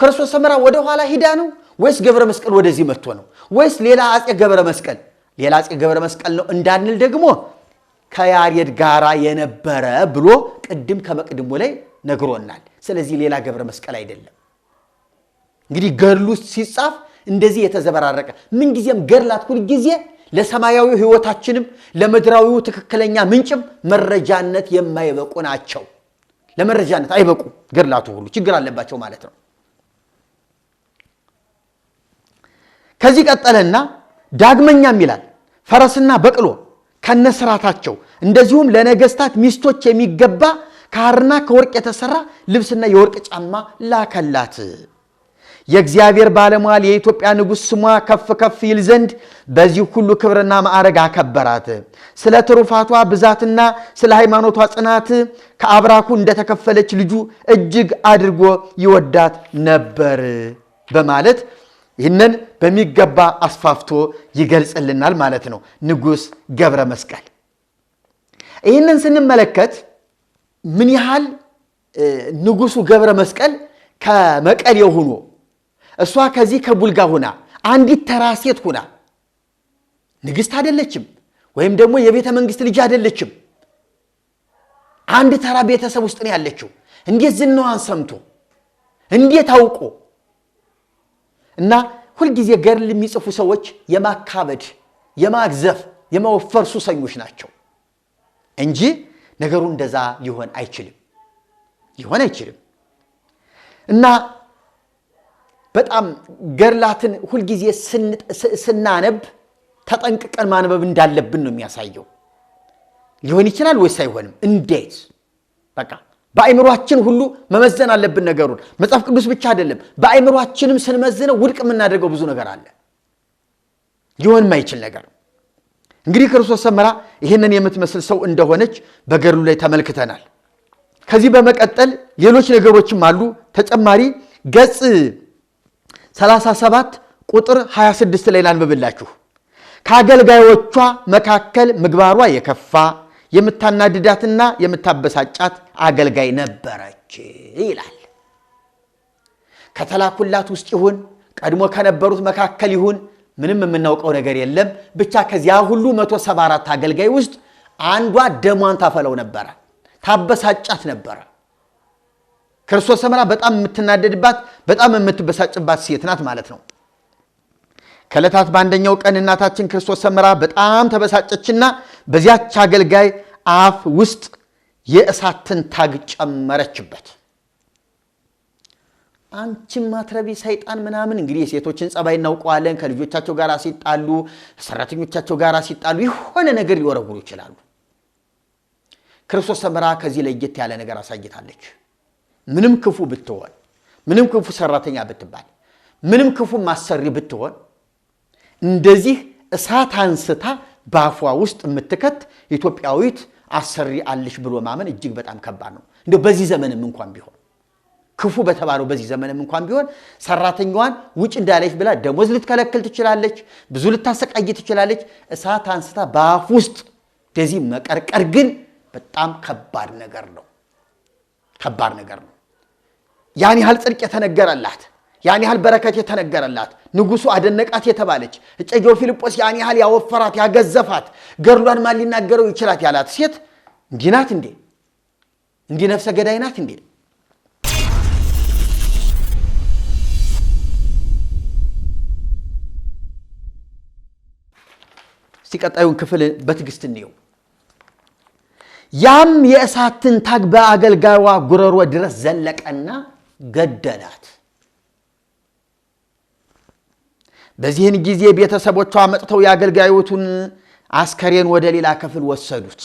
ክርስቶስ ሰምራ ወደ ኋላ ሂዳ ነው ወይስ ገብረ መስቀል ወደዚህ መጥቶ ነው ወይስ ሌላ አጼ ገብረ መስቀል ሌላ አጼ ገብረ መስቀል ነው እንዳንል ደግሞ ከያሬድ ጋራ የነበረ ብሎ ቅድም ከመቅድሙ ላይ ነግሮናል። ስለዚህ ሌላ ገብረ መስቀል አይደለም። እንግዲህ ገድሉ ሲጻፍ እንደዚህ የተዘበራረቀ ምንጊዜም ገድላት ሁልጊዜ ለሰማያዊ ሕይወታችንም ለምድራዊው ትክክለኛ ምንጭም መረጃነት የማይበቁ ናቸው። ለመረጃነት አይበቁ ገድላቱ ሁሉ ችግር አለባቸው ማለት ነው። ከዚህ ቀጠለና ዳግመኛም ይላል ፈረስና በቅሎ ከነስራታቸው እንደዚሁም ለነገስታት ሚስቶች የሚገባ ካርና ከወርቅ የተሰራ ልብስና የወርቅ ጫማ ላከላት። የእግዚአብሔር ባለሟል የኢትዮጵያ ንጉሥ ስሟ ከፍ ከፍ ይል ዘንድ በዚህ ሁሉ ክብርና ማዕረግ አከበራት። ስለ ትሩፋቷ ብዛትና ስለ ሃይማኖቷ ጽናት ከአብራኩ እንደተከፈለች ልጁ እጅግ አድርጎ ይወዳት ነበር በማለት ይህንን በሚገባ አስፋፍቶ ይገልጽልናል ማለት ነው ንጉሥ ገብረ መስቀል። ይህንን ስንመለከት ምን ያህል ንጉሱ ገብረ መስቀል ከመቀሌ ሆኖ እሷ ከዚህ ከቡልጋ ሆና አንዲት ተራ ሴት ሆና ንግሥት አይደለችም፣ ወይም ደግሞ የቤተ መንግሥት ልጅ አይደለችም። አንድ ተራ ቤተሰብ ውስጥ ነው ያለችው። እንዴት ዝናዋን ሰምቶ እንዴት አውቆ እና ሁልጊዜ ገርል የሚጽፉ ሰዎች የማካበድ፣ የማግዘፍ፣ የመወፈር ሱሰኞች ናቸው እንጂ ነገሩ እንደዛ ሊሆን አይችልም ሊሆን አይችልም። እና በጣም ገርላትን ሁልጊዜ ስናነብ ተጠንቅቀን ማንበብ እንዳለብን ነው የሚያሳየው። ሊሆን ይችላል ወይስ አይሆንም? እንዴት በቃ በአይምሯችን ሁሉ መመዘን አለብን ነገሩን። መጽሐፍ ቅዱስ ብቻ አይደለም፣ በአይምሯችንም ስንመዝነው ውድቅ የምናደርገው ብዙ ነገር አለ፣ ሊሆን የማይችል ነገር። እንግዲህ ክርስቶስ ሰምራ ይህንን የምትመስል ሰው እንደሆነች በገድሉ ላይ ተመልክተናል። ከዚህ በመቀጠል ሌሎች ነገሮችም አሉ። ተጨማሪ ገጽ 37 ቁጥር 26 ላይ ላንብብላችሁ። ከአገልጋዮቿ መካከል ምግባሯ የከፋ የምታናድዳትና የምታበሳጫት አገልጋይ ነበረች ይላል። ከተላኩላት ውስጥ ይሁን ቀድሞ ከነበሩት መካከል ይሁን ምንም የምናውቀው ነገር የለም። ብቻ ከዚያ ሁሉ 174 አገልጋይ ውስጥ አንዷ ደሟን ታፈለው ነበረ፣ ታበሳጫት ነበረ። ክርስቶስ ሰምራ በጣም የምትናደድባት በጣም የምትበሳጭባት ሴት ናት ማለት ነው። ከዕለታት በአንደኛው ቀን እናታችን ክርስቶስ ሰምራ በጣም ተበሳጨችና በዚያች አገልጋይ አፍ ውስጥ የእሳት ትንታግ ጨመረችበት። አንቺ ማትረቢ ሰይጣን ምናምን እንግዲህ የሴቶችን ጸባይ እናውቀዋለን። ከልጆቻቸው ጋር ሲጣሉ፣ ሰራተኞቻቸው ጋር ሲጣሉ የሆነ ነገር ሊወረውሩ ይችላሉ። ክርስቶስ ሰምራ ከዚህ ለየት ያለ ነገር አሳይታለች። ምንም ክፉ ብትሆን፣ ምንም ክፉ ሰራተኛ ብትባል፣ ምንም ክፉ ማሰሪ ብትሆን እንደዚህ እሳት አንስታ በአፏ ውስጥ የምትከት ኢትዮጵያዊት አሰሪ አለሽ ብሎ ማመን እጅግ በጣም ከባድ ነው። እንደ በዚህ ዘመንም እንኳን ቢሆን ክፉ በተባለው በዚህ ዘመንም እንኳን ቢሆን ሰራተኛዋን ውጭ እንዳለች ብላ ደሞዝ ልትከለክል ትችላለች። ብዙ ልታሰቃይ ትችላለች። እሳት አንስታ በአፍ ውስጥ እንደዚህ መቀርቀር ግን በጣም ከባድ ነገር ነው። ከባድ ነገር ነው። ያን ያህል ጽድቅ የተነገረላት፣ ያን ያህል በረከት የተነገረላት ንጉሱ አደነቃት የተባለች እጨጌው ፊልጶስ ያን ያህል ያወፈራት ያገዘፋት ገድሏን ማን ሊናገረው ይችላት ያላት ሴት እንዲህ ናት እንዴ? እንዲህ ነፍሰ ገዳይ ናት እንዴ? ሲቀጣዩን ክፍል በትዕግስት እንየው። ያም የእሳትን ታግ በአገልጋይዋ ጉረሮ ድረስ ዘለቀና ገደላት። በዚህን ጊዜ ቤተሰቦቿ መጥተው የአገልጋዮቱን አስከሬን ወደ ሌላ ክፍል ወሰዱት።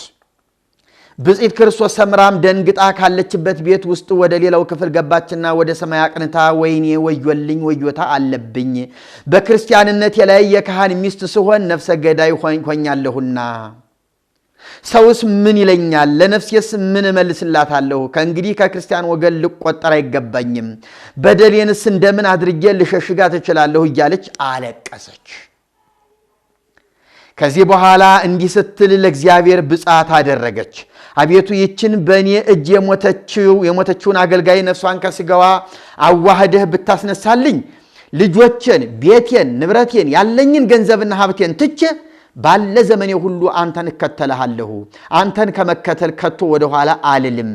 ብጽት ክርስቶስ ሰምራም ደንግጣ ካለችበት ቤት ውስጥ ወደ ሌላው ክፍል ገባችና ወደ ሰማይ አቅንታ ወይኔ ወዮልኝ፣ ወዮታ አለብኝ፣ በክርስቲያንነት የላይ የካህን ሚስት ስሆን ነፍሰ ገዳይ ሆኛለሁና ሰውስ ምን ይለኛል? ለነፍሴስ ምን እመልስላታለሁ? ከእንግዲህ ከክርስቲያን ወገን ልቆጠር አይገባኝም። በደሌንስ እንደምን አድርጌ ልሸሽጋ ትችላለሁ? እያለች አለቀሰች። ከዚህ በኋላ እንዲህ ስትል ለእግዚአብሔር ብጻት አደረገች። አቤቱ ይችን በእኔ እጅ የሞተችውን አገልጋይ ነፍሷን ከስጋዋ አዋህደህ ብታስነሳልኝ ልጆቼን፣ ቤቴን፣ ንብረቴን፣ ያለኝን ገንዘብና ሀብቴን ትቼ ባለ ዘመኔ ሁሉ አንተን እከተልሃለሁ፣ አንተን ከመከተል ከቶ ወደኋላ አልልም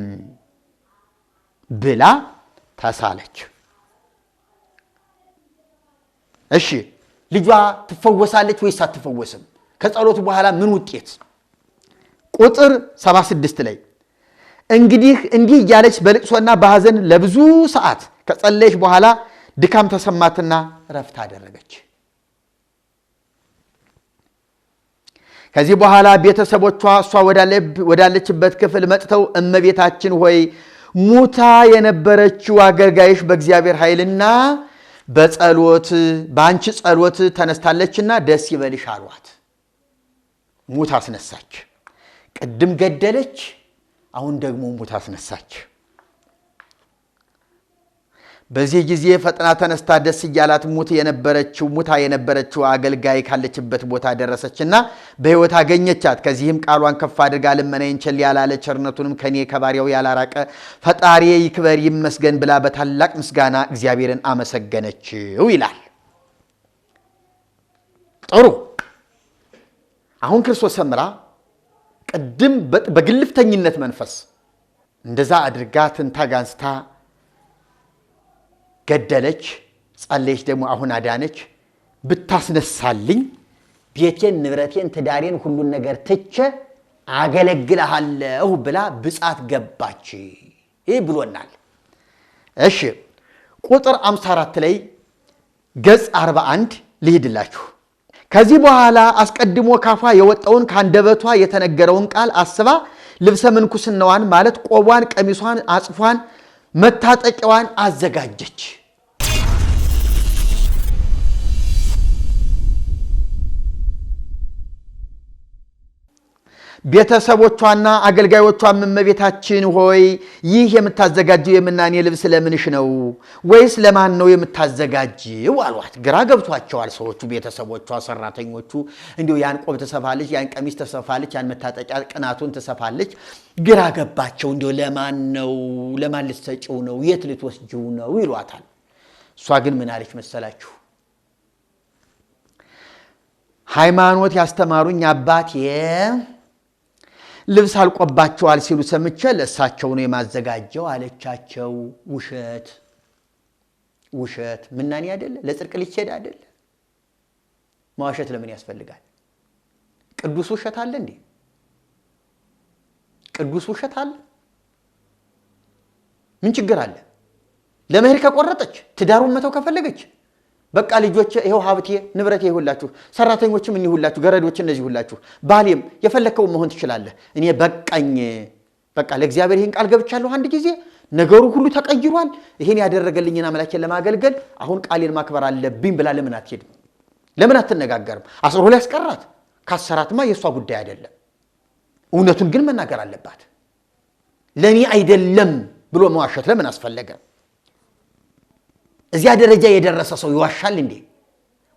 ብላ ተሳለች። እሺ ልጇ ትፈወሳለች ወይስ አትፈወስም? ከጸሎቱ በኋላ ምን ውጤት? ቁጥር 76 ላይ እንግዲህ እንዲህ እያለች በልቅሶና በሐዘን ለብዙ ሰዓት ከጸለየች በኋላ ድካም ተሰማትና ረፍት አደረገች። ከዚህ በኋላ ቤተሰቦቿ እሷ ወዳለችበት ክፍል መጥተው እመቤታችን ሆይ ሙታ የነበረችው አገልጋይሽ በእግዚአብሔር ኃይልና በጸሎት በአንቺ ጸሎት ተነስታለችና ደስ ይበልሽ አሏት። ሙት አስነሳች። ቅድም ገደለች፣ አሁን ደግሞ ሙት አስነሳች። በዚህ ጊዜ ፈጥና ተነስታ ደስ እያላት ሙት የነበረችው ሙታ የነበረችው አገልጋይ ካለችበት ቦታ ደረሰችና በሕይወት አገኘቻት። ከዚህም ቃሏን ከፍ አድርጋ ልመናዬን ቸል ያላለ ቸርነቱንም ከኔ ከባሪያው ያላራቀ ፈጣሪ ይክበር ይመስገን ብላ በታላቅ ምስጋና እግዚአብሔርን አመሰገነችው ይላል። ጥሩ። አሁን ክርስቶስ ሰምራ ቅድም በግልፍተኝነት መንፈስ እንደዛ አድርጋ ትንታግ አንስታ ገደለች፣ ጸለየች፣ ደግሞ አሁን አዳነች። ብታስነሳልኝ ቤቴን፣ ንብረቴን፣ ትዳሬን፣ ሁሉን ነገር ትቼ አገለግልሃለሁ ብላ ብጻት ገባች። ይህ ብሎናል። እሺ ቁጥር 54 ላይ ገጽ 41 ልሂድላችሁ። ከዚህ በኋላ አስቀድሞ ካፏ የወጣውን ከአንደበቷ የተነገረውን ቃል አስባ ልብሰ ምንኩስናዋን ማለት ቆቧን፣ ቀሚሷን፣ አጽፏን፣ መታጠቂዋን አዘጋጀች። ቤተሰቦቿና አገልጋዮቿ እመቤታችን ሆይ ይህ የምታዘጋጀው የምናኔ ልብስ ለምንሽ ነው ወይስ ለማን ነው የምታዘጋጅው? አሏት። ግራ ገብቷቸዋል ሰዎቹ፣ ቤተሰቦቿ፣ ሰራተኞቹ። እንዲሁ ያን ቆብ ትሰፋለች፣ ያን ቀሚስ ትሰፋለች፣ ያን መታጠቂያ ቅናቱን ትሰፋለች። ግራ ገባቸው። እንዲሁ ለማን ነው ለማን ልትሰጪው ነው? የት ልትወስጂው ነው? ይሏታል። እሷ ግን ምን አለች መሰላችሁ? ሃይማኖት ያስተማሩኝ አባቴ ልብስ አልቆባቸዋል ሲሉ ሰምቼ ለእሳቸው ነው የማዘጋጀው አለቻቸው። ውሸት ውሸት ምናኔ አደለ ለጽርቅ ሊሄድ አይደለ? መዋሸት ለምን ያስፈልጋል? ቅዱስ ውሸት አለ እንዴ? ቅዱስ ውሸት አለ? ምን ችግር አለ? ለመሄድ ከቆረጠች ትዳሩን መተው ከፈለገች በቃ ልጆች ይኸው ሀብቴ ንብረቴ ይሁላችሁ፣ ሰራተኞችም እኒሁላችሁ፣ ገረዶች እነዚህ ሁላችሁ፣ ባሌም የፈለከው መሆን ትችላለህ። እኔ በቃኝ፣ በቃ ለእግዚአብሔር ይህን ቃል ገብቻለሁ። አንድ ጊዜ ነገሩ ሁሉ ተቀይሯል። ይህን ያደረገልኝን አምላኬን ለማገልገል አሁን ቃሌን ማክበር አለብኝ ብላ ለምን አትሄድም? ለምን አትነጋገርም? አስሮ ያስቀራት ካሰራትማ የእሷ ጉዳይ አይደለም። እውነቱን ግን መናገር አለባት። ለእኔ አይደለም ብሎ መዋሸት ለምን አስፈለገ? እዚያ ደረጃ የደረሰ ሰው ይዋሻል እንዴ?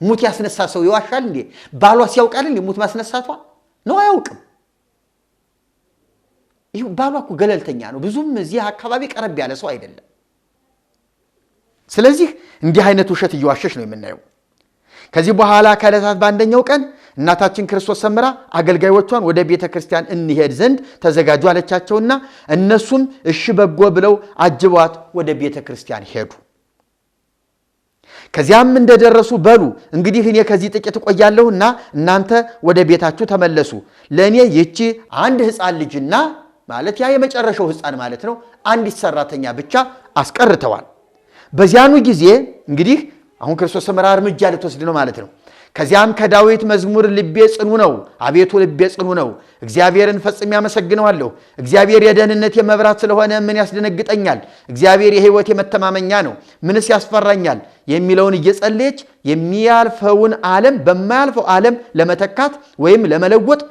ሙት ያስነሳ ሰው ይዋሻል እንዴ? ባሏ ሲያውቃል እንዴ? ሙት ማስነሳቷ ነው? አያውቅም። ይህ ባሏ እኮ ገለልተኛ ነው። ብዙም እዚህ አካባቢ ቀረብ ያለ ሰው አይደለም። ስለዚህ እንዲህ አይነት ውሸት እየዋሸች ነው የምናየው። ከዚህ በኋላ ከዕለታት በአንደኛው ቀን እናታችን ክርስቶስ ሰምራ አገልጋዮቿን ወደ ቤተ ክርስቲያን እንሄድ ዘንድ ተዘጋጁ አለቻቸውና እነሱም እሺ በጎ ብለው አጅቧት ወደ ቤተ ክርስቲያን ሄዱ። ከዚያም እንደደረሱ በሉ እንግዲህ እኔ ከዚህ ጥቂት እቆያለሁና እናንተ ወደ ቤታችሁ ተመለሱ። ለእኔ ይቺ አንድ ሕፃን ልጅና ማለት ያ የመጨረሻው ሕፃን ማለት ነው አንዲት ሰራተኛ ብቻ አስቀርተዋል። በዚያኑ ጊዜ እንግዲህ አሁን ክርስቶስ ሠምራ እርምጃ ልትወስድ ነው ማለት ነው። ከዚያም ከዳዊት መዝሙር ልቤ ጽኑ ነው፣ አቤቱ ልቤ ጽኑ ነው፣ እግዚአብሔርን ፈጽሜ ያመሰግነዋለሁ። እግዚአብሔር የደህንነት የመብራት ስለሆነ ምን ያስደነግጠኛል? እግዚአብሔር የሕይወት የመተማመኛ ነው፣ ምንስ ያስፈራኛል? የሚለውን እየጸለየች የሚያልፈውን ዓለም በማያልፈው ዓለም ለመተካት ወይም ለመለወጥ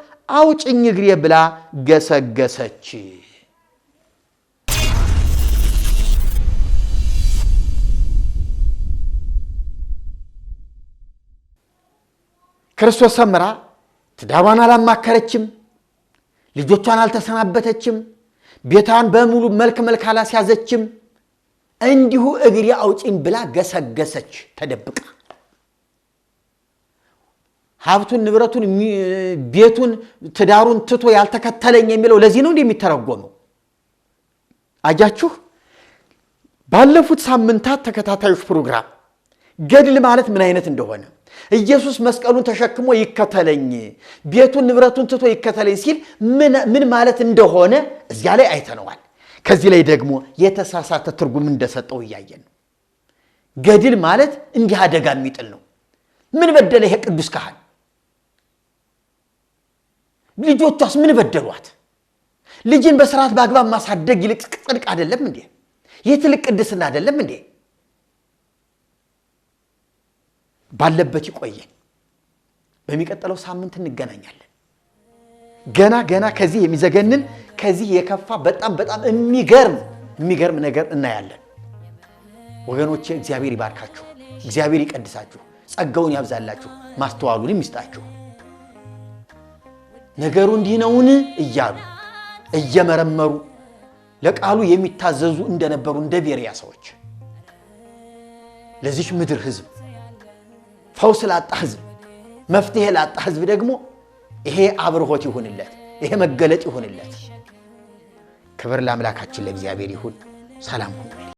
አውጭኝ እግሬ ብላ ገሰገሰች። ክርስቶስ ሰምራ ትዳሯን አላማከረችም፣ ልጆቿን አልተሰናበተችም፣ ቤቷን በሙሉ መልክ መልክ አላስያዘችም። እንዲሁ እግሪ አውጪን ብላ ገሰገሰች ተደብቃ። ሀብቱን፣ ንብረቱን፣ ቤቱን፣ ትዳሩን ትቶ ያልተከተለኝ የሚለው ለዚህ ነው እንዲህ የሚተረጎመው። አጃችሁ ባለፉት ሳምንታት ተከታታዮች ፕሮግራም ገድል ማለት ምን አይነት እንደሆነ ኢየሱስ መስቀሉን ተሸክሞ ይከተለኝ፣ ቤቱን ንብረቱን ትቶ ይከተለኝ ሲል ምን ማለት እንደሆነ እዚያ ላይ አይተነዋል። ከዚህ ላይ ደግሞ የተሳሳተ ትርጉም እንደሰጠው እያየን ነው። ገድል ማለት እንዲህ አደጋ የሚጥል ነው። ምን በደለ ይሄ ቅዱስ ካህን? ልጆቿስ ምን በደሏት? ልጅን በስርዓት በአግባብ ማሳደግ ይልቅ ጽድቅ አይደለም እንዴ? የትልቅ ቅድስና አይደለም እንዴ? ባለበት ይቆየን። በሚቀጥለው ሳምንት እንገናኛለን። ገና ገና ከዚህ የሚዘገንን ከዚህ የከፋ በጣም በጣም የሚገርም የሚገርም ነገር እናያለን። ወገኖቼ እግዚአብሔር ይባርካችሁ፣ እግዚአብሔር ይቀድሳችሁ፣ ጸጋውን ያብዛላችሁ፣ ማስተዋሉን ይስጣችሁ። ነገሩ እንዲህ ነውን እያሉ እየመረመሩ ለቃሉ የሚታዘዙ እንደነበሩ እንደ ቤርያ ሰዎች ለዚች ምድር ህዝብ። ፈውስ ላጣ ህዝብ፣ መፍትሄ ላጣ ህዝብ ደግሞ ይሄ አብርሆት ይሁንለት፣ ይሄ መገለጥ ይሁንለት። ክብር ለአምላካችን ለእግዚአብሔር ይሁን። ሰላም ሁኑ።